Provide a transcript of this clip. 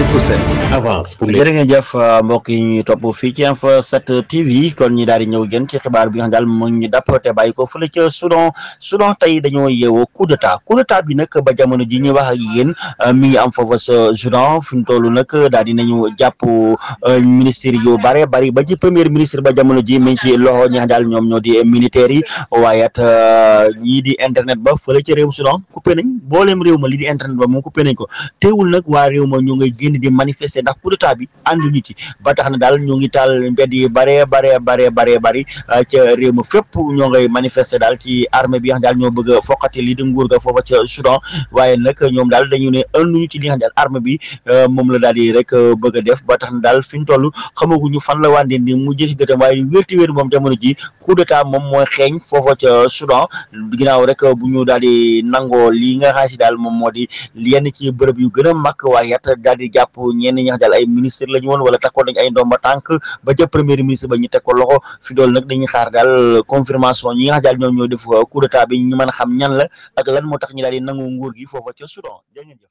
1% avance pour jërë ngeen euh, yi ñuy topp fii ci Info 7 TV kon ñi daal di ñëw gën ci xibaar bi nga xam daal mu ñu dàpp te bàyyi ko fële ca Soudan Soudan tey dañoo yeewoo coup d'état bi nag ba jamono ji ñuy wax ak yéen euh, mi ngi am foofa sa Soudan fi mu toll nag daal di nañu jàpp euh, ministère yu bare bari ba ci premier ministre ba jamono ji mi ngi ci loxo ñi daal ñoom ñoo di militaires yi waaye it di internet ba fële ca réew Soudan coupé nañ booleem réew ma lii di internet ba moom coupé nañ ko teewul nag waa réew ma ñu ngay génn di manifester ndax coup d'état bi ànduñu ci ba tax na daal ñu ngi taal mbedd yi bare bare bare bare bari euh, ca réew mi fépp ñoo ngay manifester daal ci armée bi nga xam daal ñoo bëgg a foqati lii di nguur ga foofa ca Soudan waaye nag ñoom daal dañu ne ànduñu ci li nga xam bi euh, moom la daal di rek euh, bëgg a def ba tax na daal nga xaasi daal moom moo yenn ci bërëb yu gën a waaye it daal ñu jàpp ñenn ay ministre la wala takkoon ay ndomba tànk ba ministre ba ñu teg ko xaar daal confirmation ñi nga xam daal ñoom ñoo def euh, xam ñan la ak moo tax ñu daal di gi foofa ca